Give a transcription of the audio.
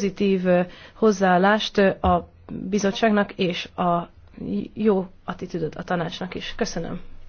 pozitív hozzáállást a bizottságnak és a jó attitűdöt a tanácsnak is. Köszönöm.